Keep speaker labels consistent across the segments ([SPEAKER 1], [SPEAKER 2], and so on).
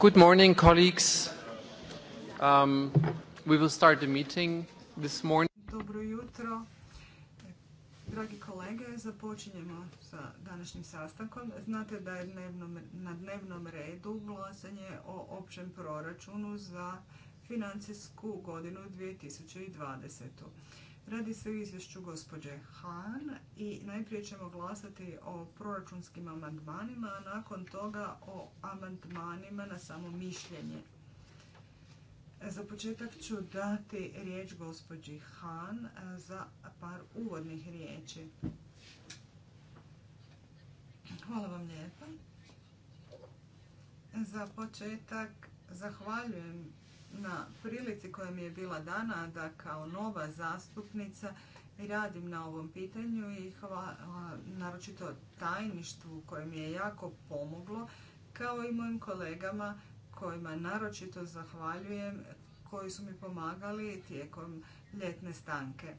[SPEAKER 1] Good morning, colleagues. Um, we will start the meeting this morning. Dobro jutro. Dragi kolege, započinjemo sa današnjim sastankom. Znate da je na dnevnom redu glasanje o općem proračunu za financijsku godinu 2020. Radi se o izvješću gospođe Han i najprije ćemo glasati o proračunskim amandmanima, a nakon toga o amandmanima na samo mišljenje. Za početak ću dati riječ gospođi Han e, za par uvodnih riječi. Hvala vam lijepa. Za početak zahvaljujem na prilici koja mi je bila dana da kao nova zastupnica radim na ovom pitanju i hvala naročito tajništvu koje mi je jako pomoglo kao i mojim kolegama kojima naročito zahvaljujem koji su mi pomagali tijekom ljetne stanke.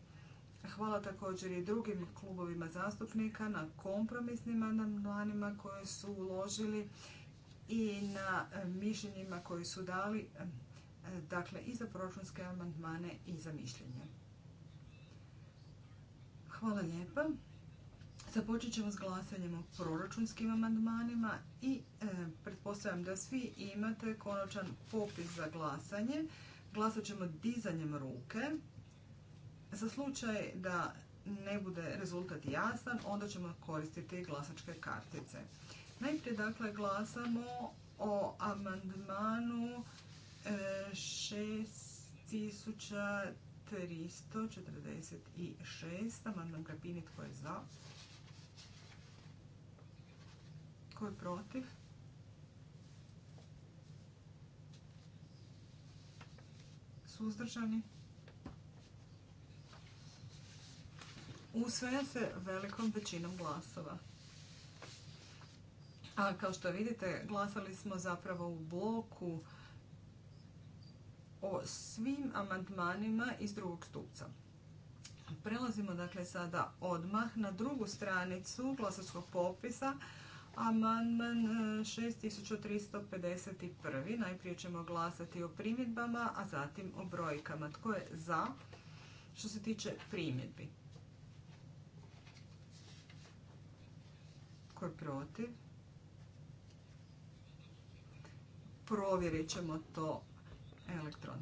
[SPEAKER 1] Hvala također i drugim klubovima zastupnika na kompromisnim amandmanima koje su uložili i na e, mišljenjima koji su dali dakle i za proračunske amandmane i za mišljenje. Hvala lijepa. Započet ćemo s glasanjem o proračunskim amandmanima i e, pretpostavljam da svi imate konačan popis za glasanje. Glasat ćemo dizanjem ruke. Za slučaj da ne bude rezultat jasan, onda ćemo koristiti glasačke kartice. Najprije dakle glasamo o amandmanu 6346, e, amandman Grapini, tko je za? Tko je protiv? Suzdržani? Usvaja se velikom većinom glasova. A kao što vidite, glasali smo zapravo u bloku o svim amandmanima iz drugog stupca. Prelazimo dakle sada odmah na drugu stranicu glasačkog popisa, amandman 6351. E, Najprije ćemo glasati o primjedbama, a zatim o brojkama. Tko je za što se tiče primjedbi? Tko je protiv? Provjerit ćemo to Elektron.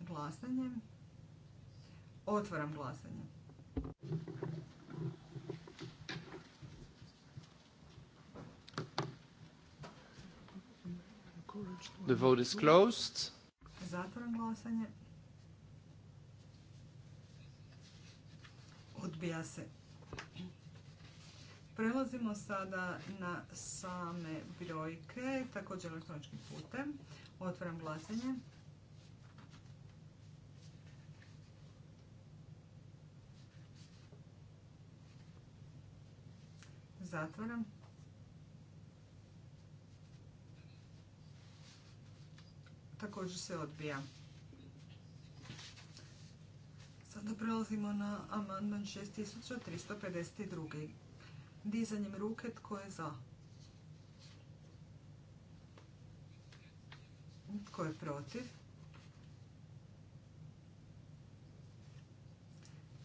[SPEAKER 1] Glasanje. Otvaram glasanje. The vote is closed. Zatvaram glasanje. Odbija se. Prelazimo sada na same brojke, također elektronički putem. Otvaram glasanje. Zatvaram. Također se odbija. Sada prelazimo na amandman 6352. Dizanjem ruke tko je za? Tko je protiv?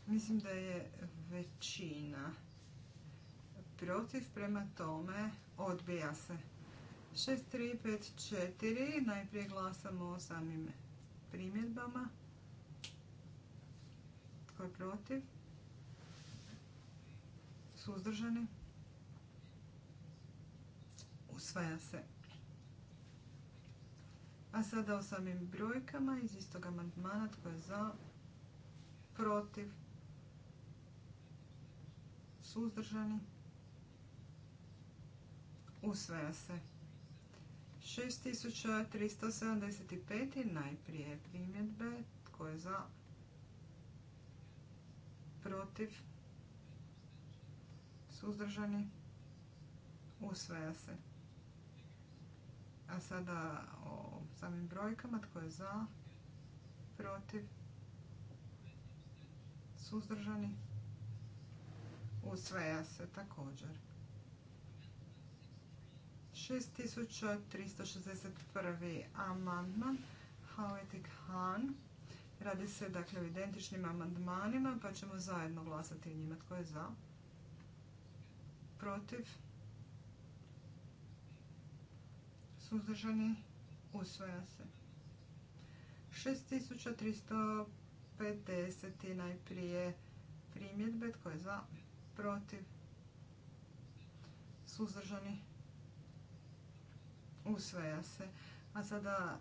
[SPEAKER 1] Mislim da je većina protiv, prema tome odbija se. 6, 4. najprije glasamo o samim primjedbama. Tko je protiv? Suzdržani? Usvaja se. A sada o samim brojkama iz istog amandmana tko je za, protiv, suzdržani, Usvaja se. 6375. Najprije primjedbe. Tko je za? Protiv? Suzdržani? Usvaja se. A sada o samim brojkama. Tko je za? Protiv? Suzdržani? Usvaja se također. 6361. amandman Hauetik Han. Radi se dakle o identičnim amandmanima pa ćemo zajedno glasati o njima. Tko je za? Protiv? Suzdržani? usvoja se. 6350 najprije primjedbe. Tko je za? Protiv? Suzdržani? Usvaja se. A sada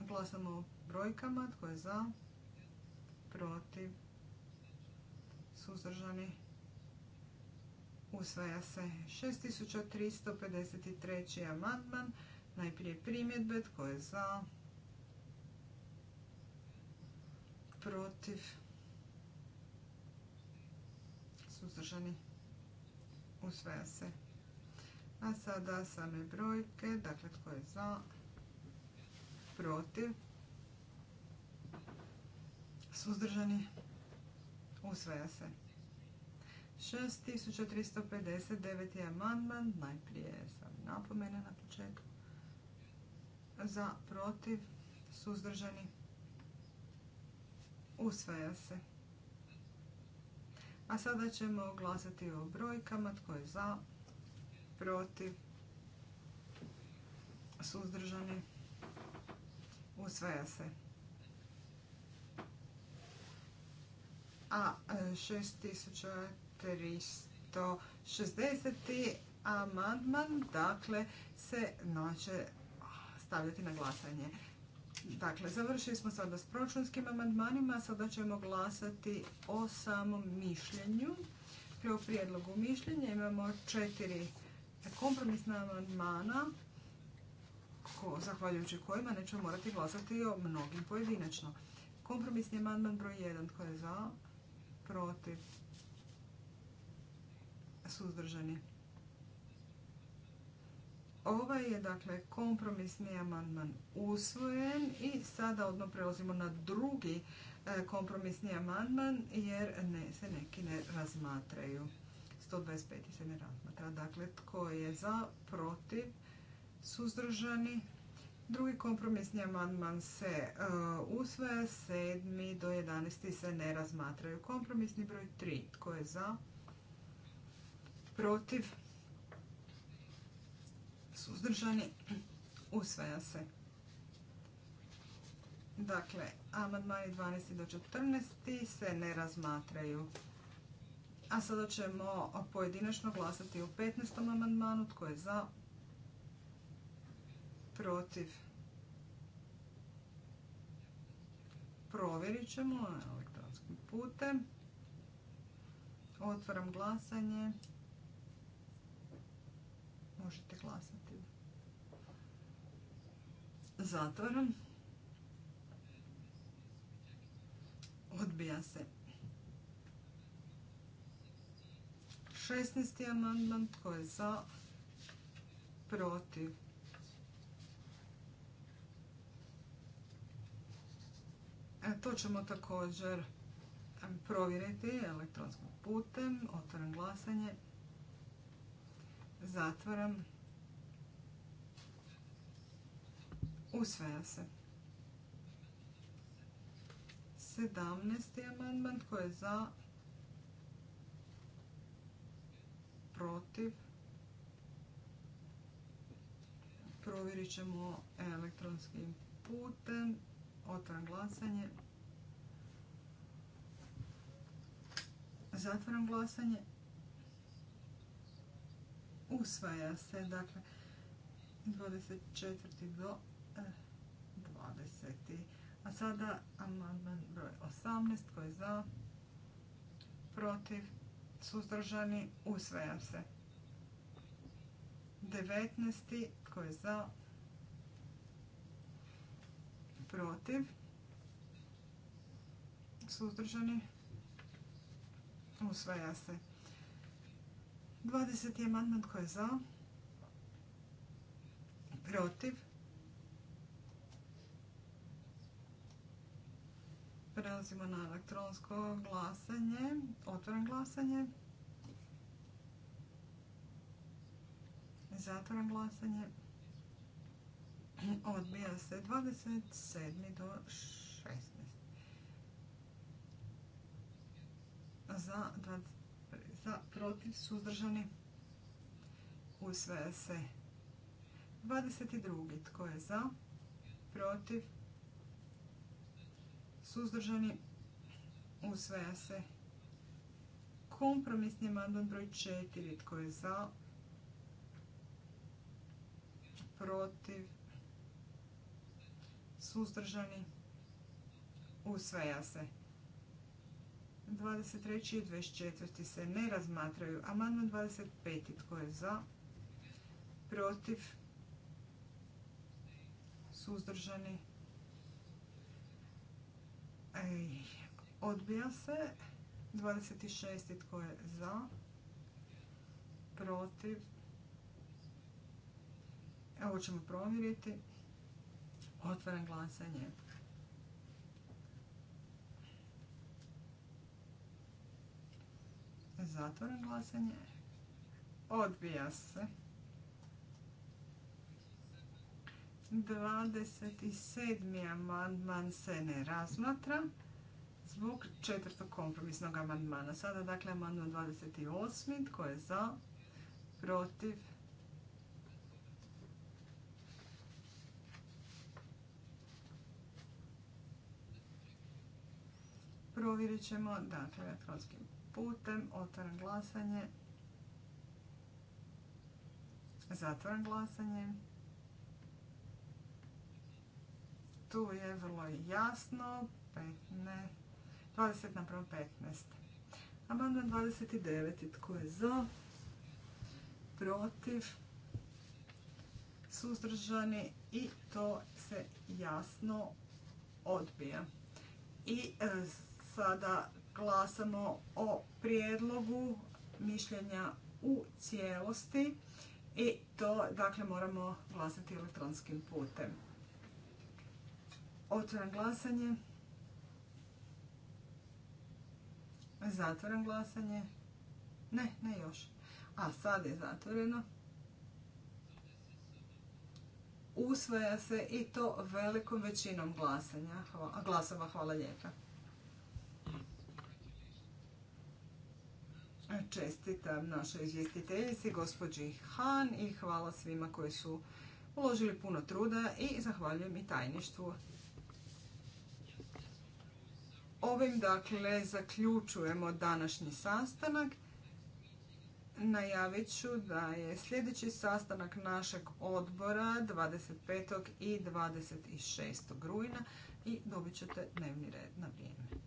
[SPEAKER 1] glasamo brojkama. Tko je za? Protiv? Suzdržani? Usvaja se. 6353. amandman. Najprije primjedbe. Tko je za? Protiv? Suzdržani? Usvaja se. A sada same brojke, dakle tko je za, protiv, suzdržani, usvaja se. 6359. je amandman, najprije sam napomena na početku. Za, protiv, suzdržani, usvaja se. A sada ćemo glasati o brojkama, tko je za, protiv, suzdržani, usvaja se. A 6360. E, amandman, dakle, se naće stavljati na glasanje. Dakle, završili smo sada s proračunskim amandmanima, sada ćemo glasati o samom mišljenju. u prijedlogu mišljenja imamo četiri Dakle, kompromisna amandmana zahvaljujući kojima nećemo morati glasati o mnogim pojedinačno. Kompromisni amandman broj 1. Tko je za? Protiv? Suzdržani? Ovaj je dakle kompromisni amandman usvojen i sada odmah prelazimo na drugi e, kompromisni amandman jer ne, se neki ne razmatraju. 125. se ne razmatra. Dakle, tko je za, protiv, suzdržani. Drugi kompromisni amandman se uh, usvaja, sedmi do 11. se ne razmatraju. Kompromisni broj tri, Tko je za, protiv, suzdržani, usvaja se. Dakle, amandmani 12. do 14. se ne razmatraju. A sada ćemo pojedinačno glasati o 15. amandmanu. Tko je za? Protiv? Provjerit ćemo elektronskim putem. Otvaram glasanje. Možete glasati. Zatvaram. Odbija se. 16. amandman, tko je za? Protiv. E, to ćemo također provjeriti elektronskim putem. Otvaram glasanje. Zatvaram. Usvaja se. 17. amandman, tko je za? protiv. Provjerit ćemo elektronskim putem. Otvaram glasanje. Zatvaram glasanje. Usvaja se, dakle, 24. do 20. Eh, A sada amandman broj 18 koji je za, protiv, suzdržani, usvaja se. 19. tko je za, protiv, suzdržani, usvaja se. 20. amandman tko je za, protiv, Prelazimo na elektronsko glasanje, otvoren glasanje. Zatvoren glasanje. Odbija se 27. do 16. Za, za protiv suzdržani usvaja se 22. Tko je za? Protiv suzdržani, usvaja se. Kompromisni amandman broj 4, tko je za, protiv, suzdržani, usvaja se. 23. i 24. se ne razmatraju. Amandman 25. tko je za, protiv, suzdržani, Odbija se. 26. Tko je za? Protiv? evo ćemo provjeriti. Otvaram glasanje. Zatvoram glasanje. Odbija se. 27. amandman se ne razmatra zbog četvrtog kompromisnog amandmana. Sada dakle amandman 28. Tko je za? Protiv? Provjerit ćemo dakle, elektronskim putem. Otvaram glasanje. Zatvaram glasanje. tu je vrlo jasno 15, 20 napravo 15. Amandman 29. Tko je za? Protiv? Suzdržani? I to se jasno odbija. I e, sada glasamo o prijedlogu mišljenja u cijelosti i to dakle moramo glasati elektronskim putem. Otvaram glasanje. Zatvoram glasanje. Ne, ne još. A sad je zatvoreno. Usvaja se i to velikom većinom glasanja. Hvala, glasova hvala lijepa. Čestitam našoj izvjestiteljici, gospođi Han i hvala svima koji su uložili puno truda i zahvaljujem i tajništvu Ovim dakle zaključujemo današnji sastanak. Najavit ću da je sljedeći sastanak našeg odbora 25. i 26. rujna i dobit ćete dnevni red na vrijeme.